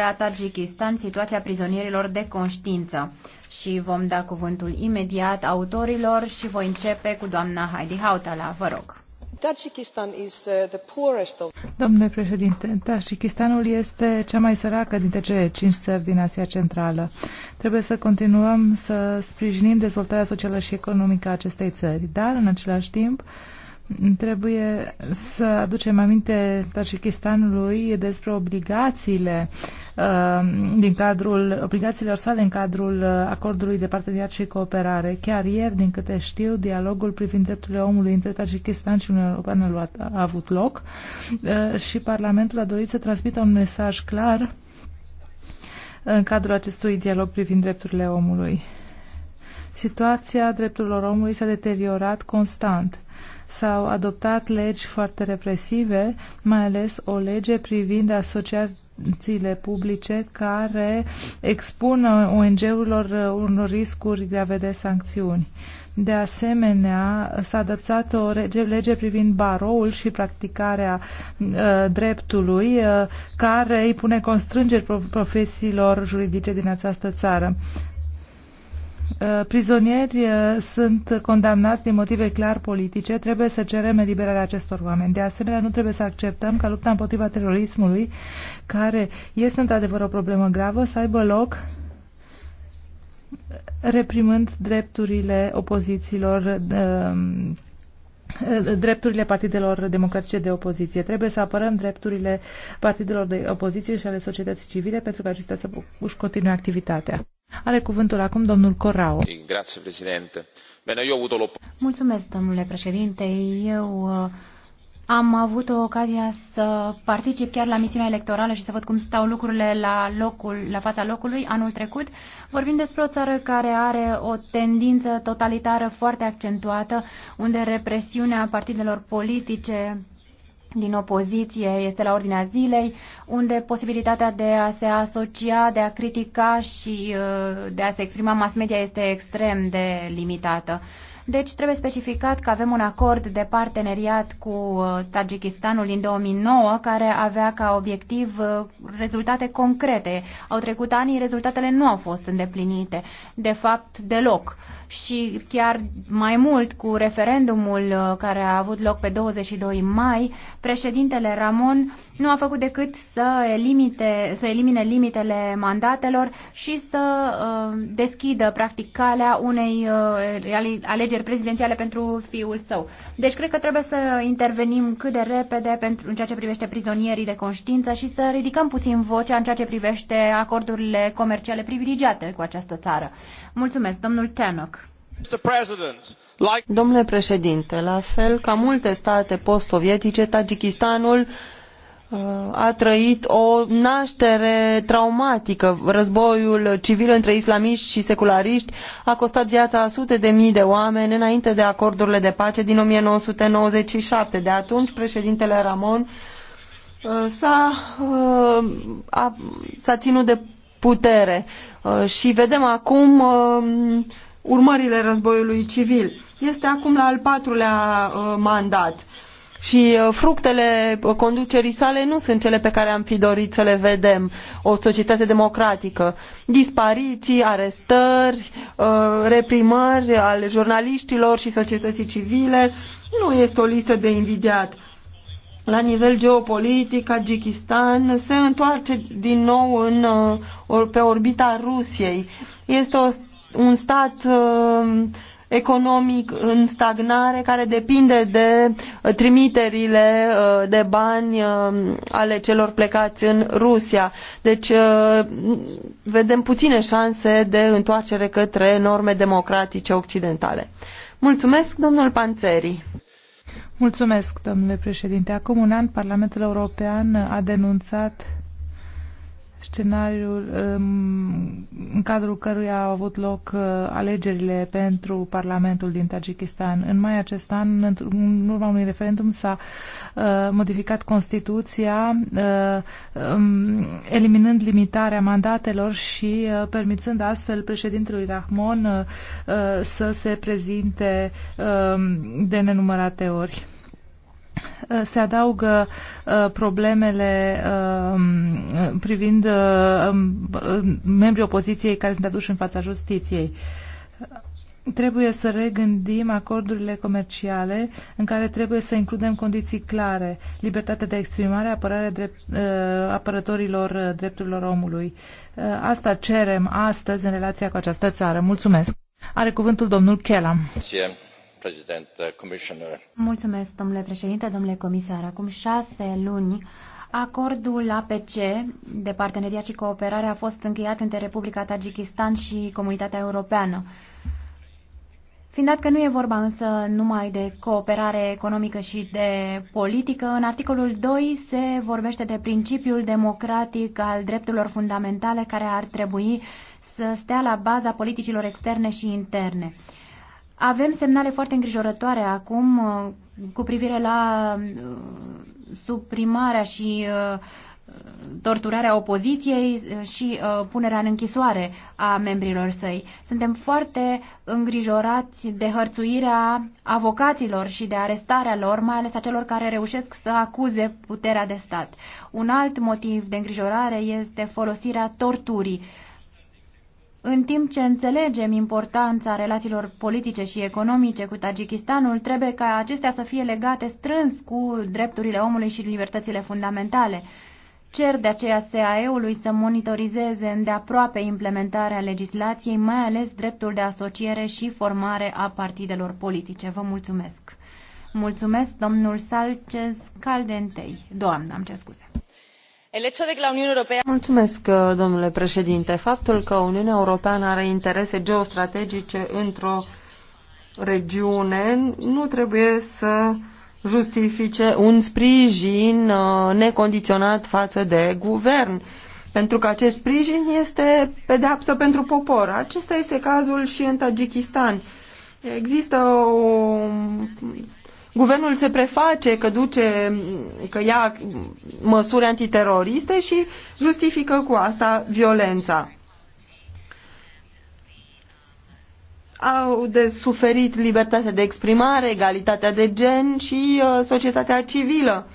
la Tajikistan situația prizonierilor de conștiință și vom da cuvântul imediat autorilor și voi începe cu doamna Heidi Hautala. Vă rog. Uh, Domnule președinte, Tajikistanul este cea mai săracă dintre cele cinci țări din Asia Centrală. Trebuie să continuăm să sprijinim dezvoltarea socială și economică a acestei țări, dar în același timp Trebuie să aducem aminte Tajikistanului despre obligațiile uh, din cadrul obligațiilor sale în cadrul uh, acordului de parteneriat și cooperare. Chiar ieri, din câte știu, dialogul privind drepturile omului între Tajikistan și Uniunea Europeană a avut loc uh, și Parlamentul a dorit să transmită un mesaj clar în cadrul acestui dialog privind drepturile omului. Situația drepturilor omului s-a deteriorat constant. S-au adoptat legi foarte represive, mai ales o lege privind asociațiile publice care expun ONG-urilor uh, unor riscuri grave de sancțiuni. De asemenea, s-a adoptat o lege privind baroul și practicarea uh, dreptului, uh, care îi pune constrângeri profesiilor juridice din această țară. Uh, prizonieri uh, sunt condamnați din motive clar politice, trebuie să cerem eliberarea acestor oameni. De asemenea, nu trebuie să acceptăm ca lupta împotriva terorismului, care este într-adevăr o problemă gravă, să aibă loc reprimând drepturile opozițiilor um, drepturile partidelor democratice de opoziție. Trebuie să apărăm drepturile partidelor de opoziție și ale societății civile pentru că acestea să își continue activitatea. Are cuvântul acum domnul Corrao. Grazie, președinte. Bine, eu avut Mulțumesc, domnule președinte. Eu uh, am avut o ocazia să particip chiar la misiunea electorală și să văd cum stau lucrurile la, locul, la fața locului anul trecut. Vorbim despre o țară care are o tendință totalitară foarte accentuată, unde represiunea partidelor politice din opoziție este la ordinea zilei, unde posibilitatea de a se asocia, de a critica și uh, de a se exprima mass media este extrem de limitată. Deci trebuie specificat că avem un acord de parteneriat cu uh, Tajikistanul din 2009 care avea ca obiectiv uh, rezultate concrete. Au trecut ani, rezultatele nu au fost îndeplinite, de fapt deloc. Și chiar mai mult cu referendumul uh, care a avut loc pe 22 mai, președintele Ramon nu a făcut decât să, elimite, să elimine limitele mandatelor și să uh, deschidă practic calea unei uh, alegeri alegeri prezidențiale pentru fiul său. Deci cred că trebuie să intervenim cât de repede pentru, în ceea ce privește prizonierii de conștiință și să ridicăm puțin vocea în ceea ce privește acordurile comerciale privilegiate cu această țară. Mulțumesc, domnul Tanok. Domnule președinte, la fel ca multe state post-sovietice, Tajikistanul a trăit o naștere traumatică. Războiul civil între islamiști și seculariști a costat viața a sute de mii de oameni înainte de acordurile de pace din 1997. De atunci, președintele Ramon uh, s-a, uh, a, s-a ținut de putere uh, și vedem acum urmările războiului civil. Este acum la al patrulea mandat și uh, fructele uh, conducerii sale nu sunt cele pe care am fi dorit să le vedem. O societate democratică. Dispariții, arestări, uh, reprimări ale jurnaliștilor și societății civile nu este o listă de invidiat. La nivel geopolitic, Tajikistan se întoarce din nou în, pe orbita Rusiei. Este o, un stat uh, economic în stagnare care depinde de uh, trimiterile uh, de bani uh, ale celor plecați în Rusia. Deci vedem puține șanse de întoarcere către norme democratice occidentale. Mulțumesc, domnul Panțeri. Mulțumesc, domnule președinte. Acum un an, Parlamentul European a denunțat scenariul um, în cadrul căruia au avut loc uh, alegerile pentru Parlamentul din Tajikistan. În mai acest an, în urma unui referendum, s-a uh, modificat Constituția, uh, um, eliminând limitarea mandatelor și permițând astfel președintelui Rahmon să se prezinte um, de nenumărate ori. Uh, se adaugă uh, problemele um, privind uh, um, membrii opoziției care sunt aduși în fața justiției. Trebuie să regândim acordurile comerciale în care trebuie să includem condiții clare, libertatea de exprimare, apărarea drept, apărătorilor drepturilor omului. Asta cerem astăzi în relația cu această țară. Mulțumesc. Are cuvântul domnul Chelam. Uh, Mulțumesc, domnule președinte, domnule comisar. Acum șase luni, acordul APC de parteneriat și cooperare a fost încheiat între Republica Tajikistan și Comunitatea Europeană. Fiind dat că nu e vorba însă numai de cooperare economică și de politică, în articolul 2 se vorbește de principiul democratic al drepturilor fundamentale care ar trebui să stea la baza politicilor externe și interne. Avem semnale foarte îngrijorătoare acum uh, cu privire la uh, suprimarea și uh, torturarea opoziției și punerea în închisoare a membrilor săi. Suntem foarte îngrijorați de hărțuirea avocaților și de arestarea lor, mai ales a celor care reușesc să acuze puterea de stat. Un alt motiv de îngrijorare este folosirea torturii în timp ce înțelegem importanța relațiilor politice și economice cu Tajikistanul, trebuie ca acestea să fie legate strâns cu drepturile omului și libertățile fundamentale. Cer de aceea SAE-ului să monitorizeze îndeaproape implementarea legislației, mai ales dreptul de asociere și formare a partidelor politice. Vă mulțumesc! Mulțumesc, domnul Salcez Caldentei. Doamna, am cer scuze. Uh, domnule președinte. Faptul că Uniunea Europeană are interese geostrategice într-o regiune nu trebuie să justifice un sprijin uh, necondiționat față de guvern, pentru că acest sprijin este pedeapsă pentru popor. Acesta este cazul și în Tajikistan. Există o Guvernul se preface că duce, că ia măsuri antiteroriste și justifică cu asta violența. Au de suferit libertatea de exprimare, egalitatea de gen și uh, societatea civilă.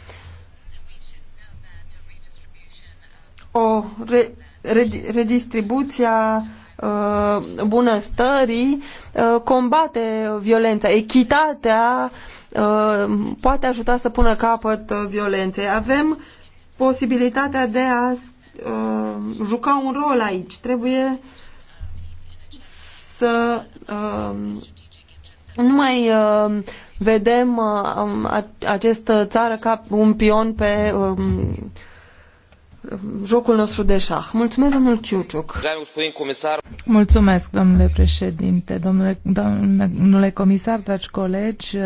O re, re, redistribuția Uh, bunăstării uh, combate violența. Echitatea uh, poate ajuta să pună capăt violenței. Avem posibilitatea de a juca un rol aici. Trebuie să nu mai vedem um, această țară ca un pion pe um, jocul nostru de șah. Mulțumesc, domnul Chiuciuc. Mulțumesc, domnule președinte, domnule, domnule comisar, dragi colegi.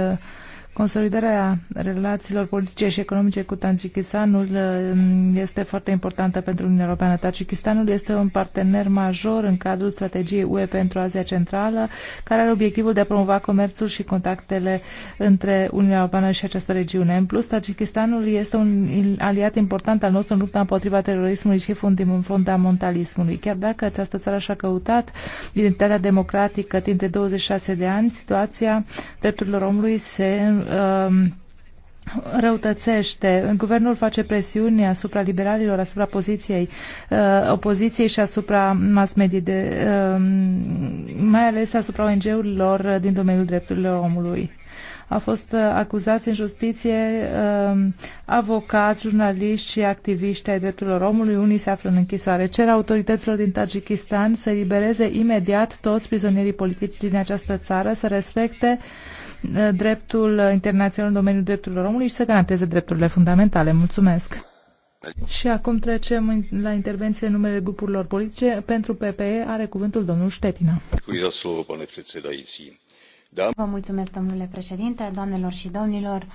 Consolidarea relațiilor politice și economice cu Tajikistanul uh, este foarte importantă pentru Uniunea Europeană. Tajikistanul este un partener major în cadrul strategiei UE pentru Asia Centrală, care are obiectivul de a promova comerțul și contactele între Uniunea Europeană și această regiune. În plus, Tajikistanul este un aliat important al nostru în lupta împotriva terorismului și fundamentalismului. Chiar dacă această țară și-a căutat identitatea democratică timp de 26 de ani, situația drepturilor omului se Um, răutățește. Guvernul face presiuni asupra liberalilor, asupra poziției, uh, opoziției și asupra mass media, de, uh, mai ales asupra ONG-urilor din domeniul drepturilor omului. Au fost uh, acuzați în justiție uh, avocați, jurnaliști și activiști ai drepturilor omului. Unii se află în închisoare. Cer autorităților din Tajikistan să libereze imediat toți prizonierii politici din această țară, să respecte uh, dreptul internațional în domeniul drepturilor omului și să garanteze drepturile fundamentale. Mulțumesc! Și acum trecem la intervenție în numele grupurilor politice. Pentru PPE are cuvântul domnul Ștetina. Da? Vă mulțumesc, domnule președinte, doamnelor și domnilor.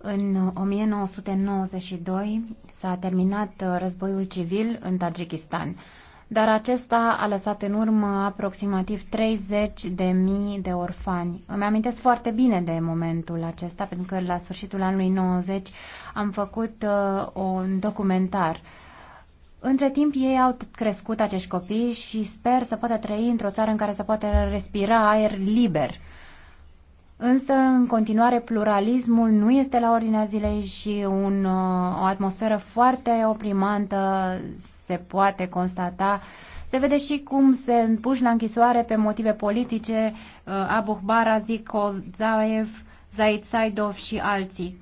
În 1992 s-a terminat uh, războiul civil în Tajikistan dar acesta a lăsat în urmă aproximativ 30 de mii de orfani. Îmi amintesc foarte bine de momentul acesta, pentru că la sfârșitul anului 90 am făcut uh, un documentar. Între timp, ei au crescut acești copii și sper să poată trăi într-o țară în care să poată respira aer liber. Însă, în continuare, pluralismul nu este la ordinea zilei și un, uh, o atmosferă foarte oprimantă se poate constata. Se vede și cum se împuși la închisoare pe motive politice uh, Abuh Barazic, Kozaev, Zaid Saidov și alții.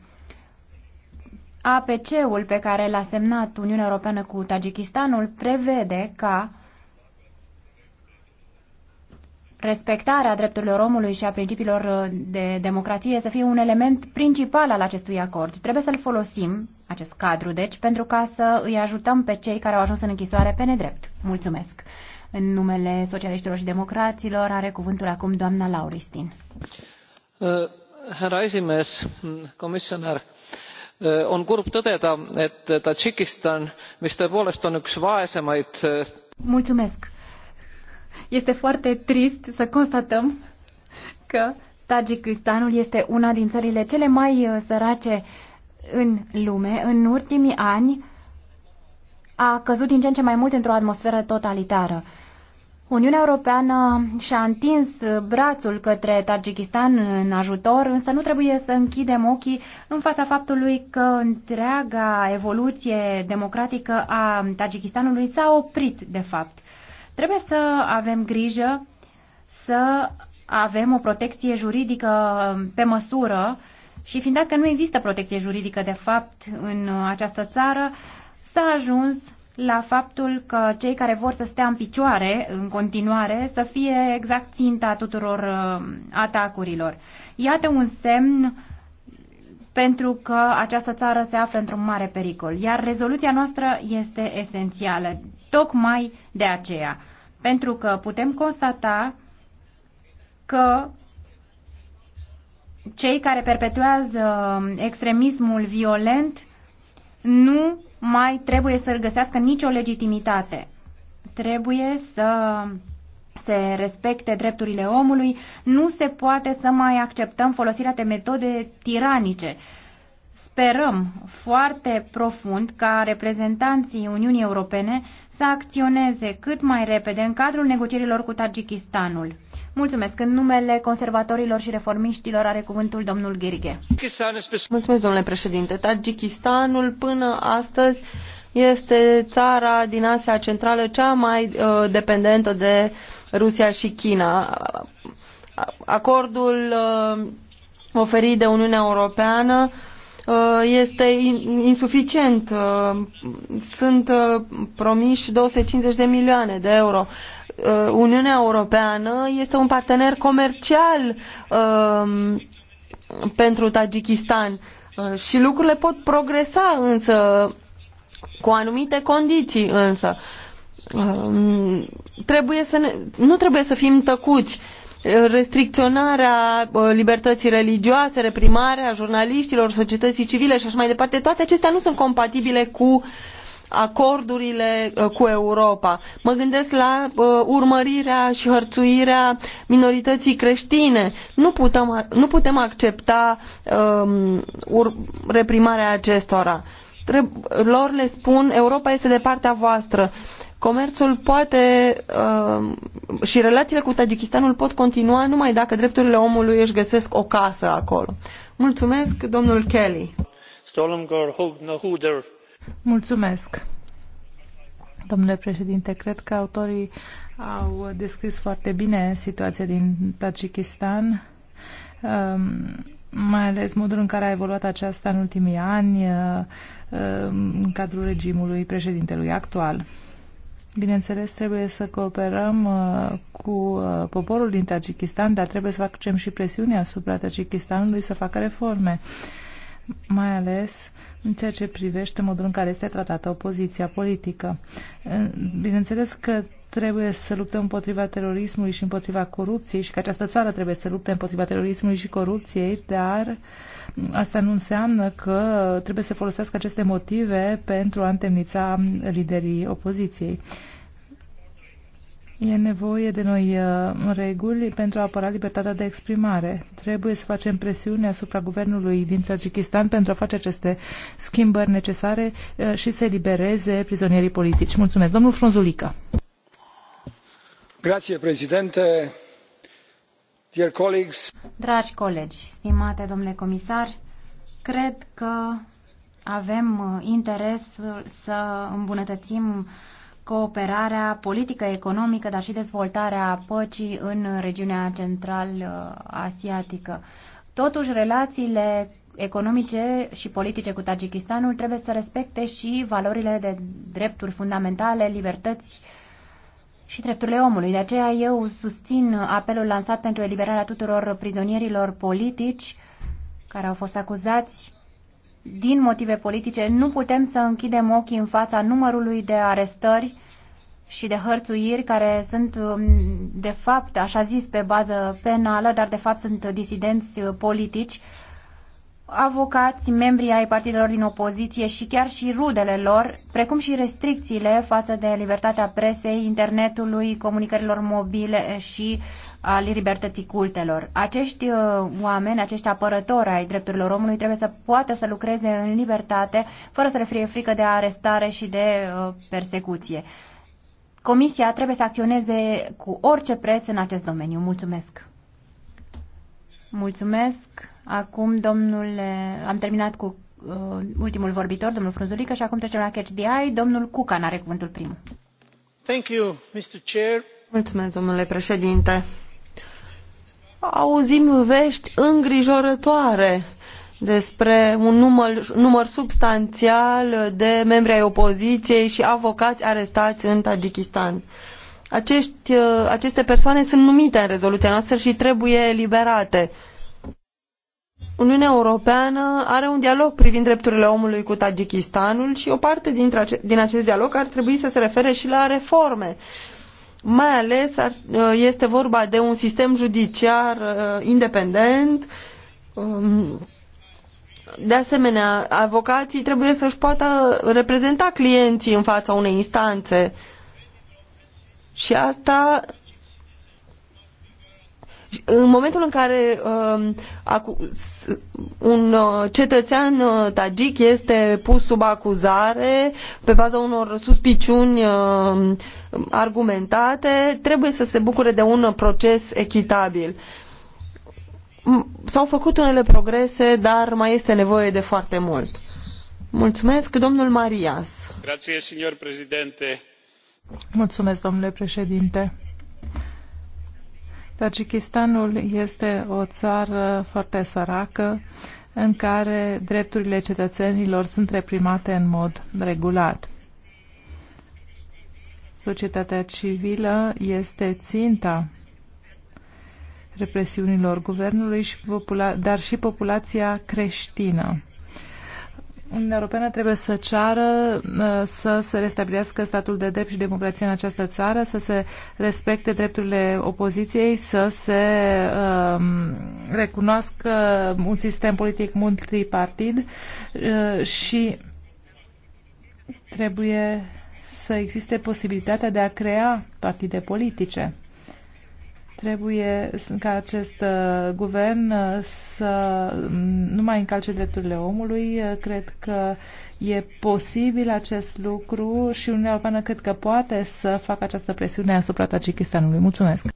APC-ul pe care l-a semnat Uniunea Europeană cu Tajikistanul prevede ca respectarea drepturilor omului și a principiilor uh, de democrație să fie un element principal al acestui acord. Trebuie să-l folosim, acest cadru, deci, pentru ca să îi ajutăm pe cei care au ajuns în închisoare pe nedrept. Mulțumesc! În numele socialiștilor și democraților are cuvântul acum doamna Lauristin. Härra uh, esimees, komisjonär, uh, on kurb tõdeda, et Tadžikistan, mis tõepoolest on üks vaesemaid Mulțumesc! Este foarte trist să constatăm că Tajikistanul este una din țările cele mai uh, sărace în lume. În ultimii ani a căzut din ce în ce mai mult într-o atmosferă totalitară. Uniunea Europeană și-a întins uh, brațul către Tajikistan în ajutor, însă nu trebuie să închidem ochii în fața faptului că întreaga evoluție democratică a Tajikistanului s-a oprit, de fapt. Trebuie să avem grijă să avem o protecție juridică pe măsură și fiind dat că nu există protecție juridică de fapt în această țară, s-a ajuns la faptul că cei care vor să stea în picioare în continuare să fie exact ținta tuturor uh, atacurilor. Iată un semn pentru că această țară se află într-un mare pericol, iar rezoluția noastră este esențială tocmai de aceea. Pentru că putem constata că cei care perpetuează extremismul violent nu mai trebuie să-l găsească nicio legitimitate. Trebuie să se respecte drepturile omului, nu se poate să mai acceptăm folosirea de metode tiranice. Sperăm foarte profund ca reprezentanții Uniunii Europene să acționeze cât mai repede în cadrul negocierilor cu Tajikistanul. Mulțumesc. În numele conservatorilor și reformiștilor are cuvântul domnul Ghirghe. Mulțumesc, domnule președinte. Tajikistanul până astăzi este țara din Asia Centrală cea mai uh, dependentă de Rusia și China. Acordul uh, oferit de Uniunea Europeană uh, Uh, este insuficient. Uh, sunt uh, promiși 250 de milioane de euro. Uniunea Europeană este un partener comercial pentru Tajikistan și lucrurile pot progresa însă cu anumite condiții însă. Trebuie să ne, nu trebuie să fim tăcuți restricționarea libertății religioase, reprimarea jurnaliștilor, societății civile și așa mai departe, toate acestea nu sunt compatibile cu acordurile cu Europa. Mă gândesc la urmărirea și hărțuirea minorității creștine. Nu putem, nu putem accepta um, reprimarea acestora. Treb- lor le spun, Europa este de partea voastră Comerțul poate uh, și relațiile cu Tajikistanul pot continua numai dacă drepturile omului își găsesc o casă acolo. Mulțumesc, domnul Kelly. Mulțumesc. Domnule președinte, cred că autorii au descris foarte bine situația din Tajikistan, um, mai ales modul în care a evoluat aceasta în ultimii ani uh, um, în cadrul regimului președintelui actual. Bineînțeles, trebuie să cooperăm uh, cu uh, poporul din Tajikistan, dar trebuie să facem și presiune asupra Tajikistanului să facă reforme, mai ales în ceea ce privește modul în care este tratată opoziția politică. Bineînțeles că trebuie să luptăm împotriva terorismului și împotriva corupției și că această țară trebuie să lupte împotriva terorismului și corupției, dar uh, Asta nu înseamnă că trebuie să folosească aceste motive pentru a întemnița liderii opoziției. E nevoie de noi uh, reguli pentru a apăra libertatea de exprimare. Trebuie să facem presiune asupra guvernului din Tajikistan pentru a face aceste schimbări necesare uh, și să elibereze prizonierii politici. Mulțumesc. Domnul Frunzulică. Grație, președinte Dragi colegi, stimate domnule comisar, cred că avem uh, interes uh, să îmbunătățim cooperarea politică, economică, dar și dezvoltarea păcii în regiunea central-asiatică. Uh, Totuși, relațiile economice și politice cu Tajikistanul trebuie să respecte și valorile de drepturi fundamentale, libertăți și drepturile omului. De aceea eu susțin apelul lansat pentru eliberarea tuturor prizonierilor politici care au fost acuzați din motive politice. Nu putem să închidem ochii în fața numărului de arestări și de hărțuiri care sunt um, de fapt, așa zis, pe bază penală, dar de fapt sunt disidenți uh, politici avocați, membrii ai partidelor din opoziție și chiar și rudele lor, precum și restricțiile față de libertatea presei, internetului, comunicărilor mobile și al libertății cultelor. Acești uh, oameni, acești apărători ai drepturilor omului trebuie să poată să lucreze în libertate, fără să le fie frică de arestare și de uh, persecuție. Comisia trebuie să acționeze cu orice preț în acest domeniu. Mulțumesc! Mulțumesc! Acum, domnule, am terminat cu uh, ultimul vorbitor, domnul Frunzulică, și acum trecem la Catch the Eye. Domnul Cucan are cuvântul primul. Thank you, Mr. Chair. Mulțumesc, domnule președinte. Auzim vești îngrijorătoare despre un număr, număr substanțial de membri ai opoziției și avocați arestați în Tajikistan. Acești, uh, aceste persoane sunt numite în rezoluția noastră și trebuie eliberate. Uh, Uniunea Europeană are un dialog privind drepturile omului cu Tajikistanul și o parte dintre ace- din acest dialog ar trebui să se refere și la reforme. Mai ales ar, uh, este vorba de un sistem judiciar uh, independent. Um, de asemenea, avocații trebuie să-și poată reprezenta clienții în fața unei instanțe. Și asta în momentul în care um, un uh, cetățean uh, tagic este pus sub acuzare pe baza unor suspiciuni um, argumentate, trebuie să se bucure de un proces echitabil. S-au făcut unele progrese, dar mai este nevoie de foarte mult. Mulțumesc, domnul Marias. Grazie, Mulțumesc, domnule președinte Tajikistanul este o țară foarte săracă în care drepturile cetățenilor sunt reprimate în mod regulat. Societatea civilă este ținta represiunilor guvernului, și popula- dar și populația creștină. Uniunea Europeană trebuie să ceară uh, să se restabilească statul de drept și democrația în această țară, să se respecte drepturile opoziției, să se um, recunoască un sistem politic multipartid uh, și trebuie să existe posibilitatea de a crea partide politice. Trebuie ca acest uh, guvern uh, să mm, nu mai încalce drepturile omului. Uh, cred că e posibil acest lucru și Uniunea Europeană cred că poate să facă această presiune asupra Tajikistanului. Mulțumesc!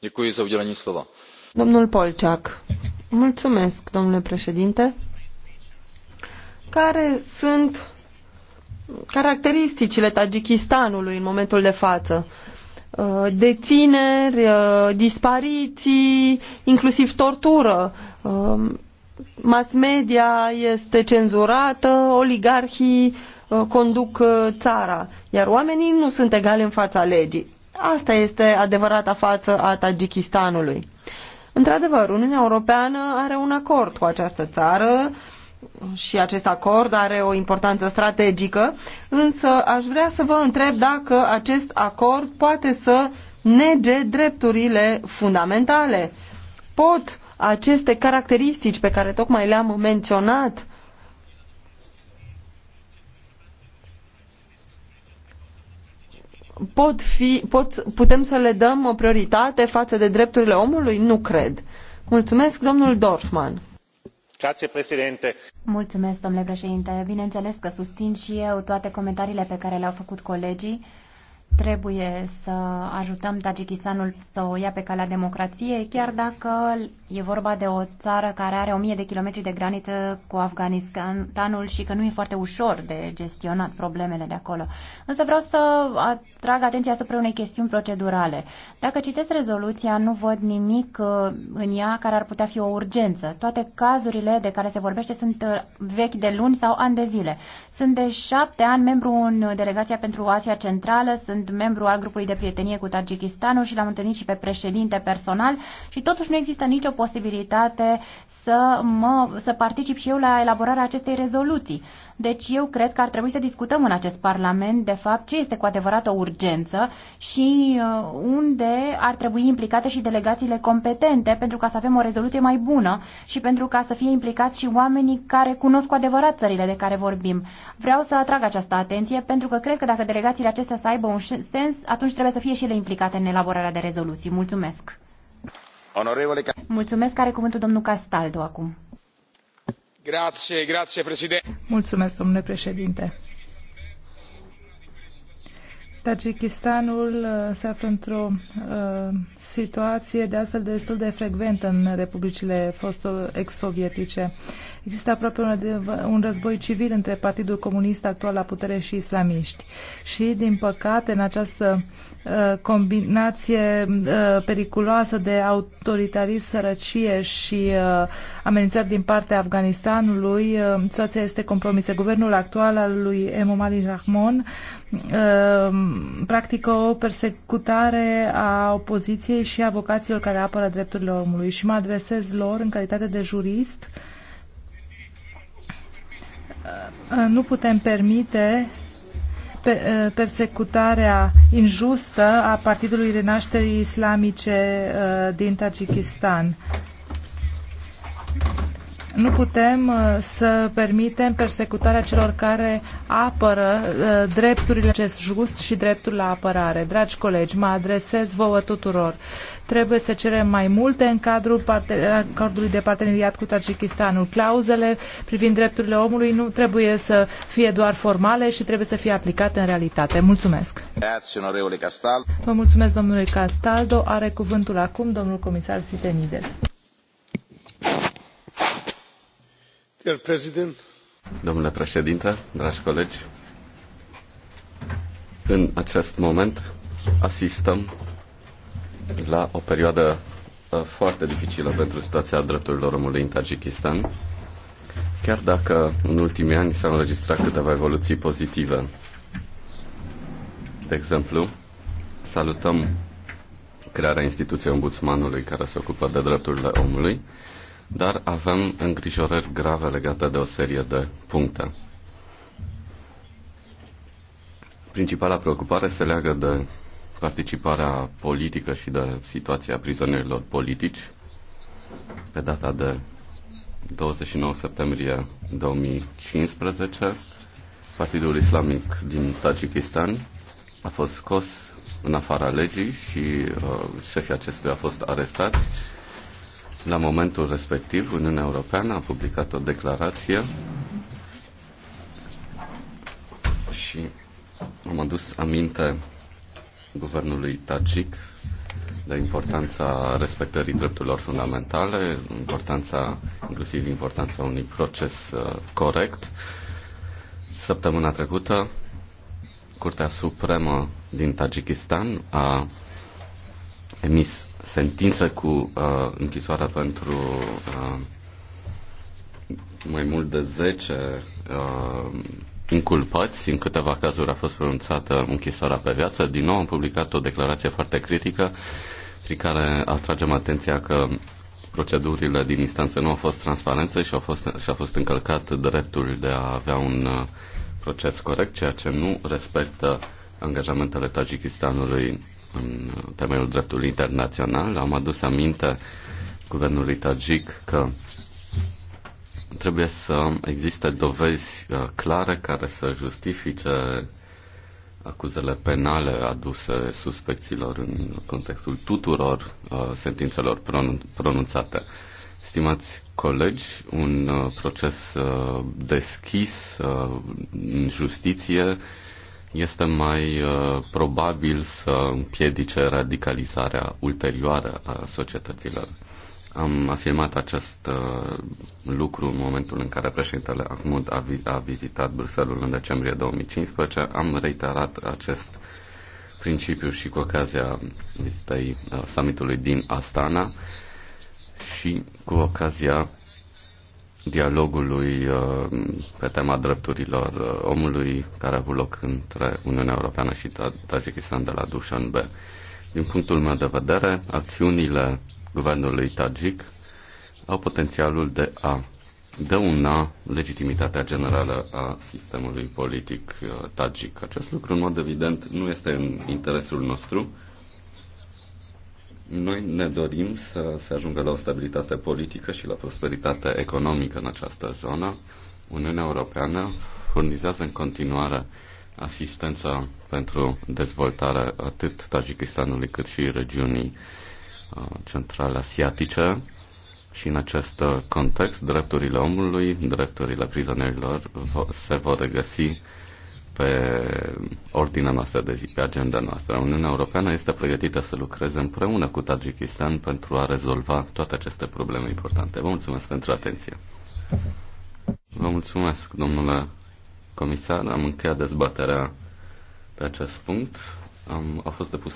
Děkuji za udělení slova. Domnul Polciac. Mulțumesc, domnule președinte. Care sunt caracteristicile Tajikistanului în momentul de față? Uh, detineri uh, dispariții, inclusiv tortură. Um, mass media este cenzurată, oligarhii uh, conduc țara, iar oamenii nu sunt egali în fața legii. Asta este adevărata față a Tajikistanului. Într-adevăr, Uniunea Europeană are un acord cu această țară și acest acord are o importanță strategică, însă aș vrea să vă întreb dacă acest acord poate să nege drepturile fundamentale. Pot aceste caracteristici pe care tocmai le-am menționat pot fi, pot, putem să le dăm o prioritate față de drepturile omului? Nu cred. Mulțumesc, domnul Dorfman. Mulțumesc, domnule președinte. că susțin și eu toate comentariile pe care le-au făcut colegii trebuie să ajutăm Tajikistanul să o ia pe calea democrației, chiar dacă e vorba de o țară care are 1000 de kilometri de graniță cu Afganistanul și că nu e foarte ușor de gestionat problemele de acolo. Însă vreau să atrag atenția asupra unei chestiuni procedurale. Dacă citesc rezoluția, nu văd nimic uh, în ea care ar putea fi o urgență. Toate cazurile de care se vorbește sunt uh, vechi de luni sau ani de zile. Sunt de șapte ani membru în Delegația pentru Asia Centrală, sunt membru al grupului de prietenie cu Tajikistanul și l-am întâlnit și pe președinte personal și totuși nu există nicio posibilitate să, mă, să particip și eu la elaborarea acestei rezoluții. Deci eu cred că ar trebui să discutăm în acest Parlament, de fapt, ce este cu adevărat o urgență și uh, unde ar trebui implicate și delegațiile competente pentru ca să avem o rezoluție mai bună și pentru ca să fie implicați și oamenii care cunosc cu adevărat țările de care vorbim. Vreau să atrag această atenție pentru că cred că dacă delegațiile acestea să aibă un sens, atunci trebuie să fie și ele implicate în elaborarea de rezoluții. Mulțumesc! Onorevole... Mulțumesc, are cuvântul domnul Castaldo acum. Grazie, grazie, președinte. Mulțumesc, domnule președinte. Tajikistanul uh, se află într-o uh, situație de altfel destul de frecventă în republicile fostul ex-sovietice. Există aproape un, un război civil între Partidul Comunist actual la putere și islamiști. Și, din păcate, în această uh, Uh, combinație uh, periculoasă de autoritarism, sărăcie și uh, amenințări din partea Afganistanului, situația este compromisă. Guvernul actual al lui Emomali Rahmon practică o persecutare a opoziției și a vocațiilor care apără drepturile omului și mă adresez lor în calitate de jurist. Nu putem permite persecutarea injustă a Partidului Renașterii Islamice din Tajikistan. Nu putem uh, să permitem persecutarea celor care apără uh, drepturile acest just și dreptul la apărare. Dragi colegi, mă adresez vouă tuturor. Trebuie să cerem mai multe în cadrul acordului de parteneriat cu Tajikistanul. Clauzele privind drepturile omului nu trebuie să fie doar formale și trebuie să fie aplicate în realitate. Mulțumesc! Vă mulțumesc, domnule Castaldo. Are cuvântul acum domnul comisar Sitenides. Domnule președinte, dragi colegi, în acest moment asistăm la o perioadă uh, foarte dificilă pentru situația drepturilor omului în Tajikistan, chiar dacă în ultimii ani s-au înregistrat câteva evoluții pozitive. De exemplu, salutăm crearea instituției ombudsmanului care se ocupă de drepturile omului dar avem îngrijorări grave legate de o serie de puncte. Principala preocupare se leagă de participarea politică și de situația prizonierilor politici. Pe data de 29 septembrie 2015, Partidul Islamic din Tajikistan a fost scos în afara legii și uh, șefii acestuia a fost arestați la momentul respectiv, Uniunea Europeană a publicat o declarație și am adus aminte guvernului Tajik de importanța respectării drepturilor fundamentale, importanța, inclusiv importanța unui proces uh, corect. Săptămâna trecută, Curtea Supremă din Tajikistan a emis sentință cu uh, închisoarea pentru uh, mai mult de 10 uh, inculpați. În câteva cazuri a fost pronunțată închisoarea pe viață. Din nou am publicat o declarație foarte critică prin care atragem atenția că procedurile din instanță nu au fost transparente și, fost, și a fost încălcat dreptul de a avea un uh, proces corect, ceea ce nu respectă angajamentele Tajikistanului în temeiul dreptului internațional. Am adus aminte guvernului Tajik că trebuie să existe dovezi uh, clare care să justifice acuzele penale aduse suspecților în contextul tuturor uh, sentințelor pronunțate. Stimați colegi, un uh, proces deschis în justiție este mai uh, probabil să împiedice radicalizarea ulterioară a societăților. Am afirmat acest uh, lucru în momentul în care președintele Ahmud a, vi- a vizitat Bruselul în decembrie 2015. Am reiterat acest principiu și cu ocazia vizitei uh, summitului din Astana și cu ocazia dialogului uh, pe tema drepturilor uh, omului care a avut loc între Uniunea Europeană și Tajikistan de la Dushanbe. Din punctul meu de vedere, acțiunile guvernului tajik au potențialul de a dăuna legitimitatea generală a sistemului politic uh, tajik. Acest lucru, în mod evident, nu este în interesul nostru noi ne dorim să se ajungă la o stabilitate politică și la prosperitate economică în această zonă. Uniunea Europeană furnizează în continuare asistența pentru dezvoltare atât Tajikistanului cât și regiunii uh, centrale asiatice și în acest uh, context drepturile omului, drepturile prizonerilor se vor regăsi pe ordinea noastră de zi, pe agenda noastră. Uniunea Europeană este pregătită să lucreze împreună cu Tajikistan pentru a rezolva toate aceste probleme importante. Vă mulțumesc pentru atenție. Vă mulțumesc, domnule comisar. Am încheiat dezbaterea pe acest punct. Am, a fost depus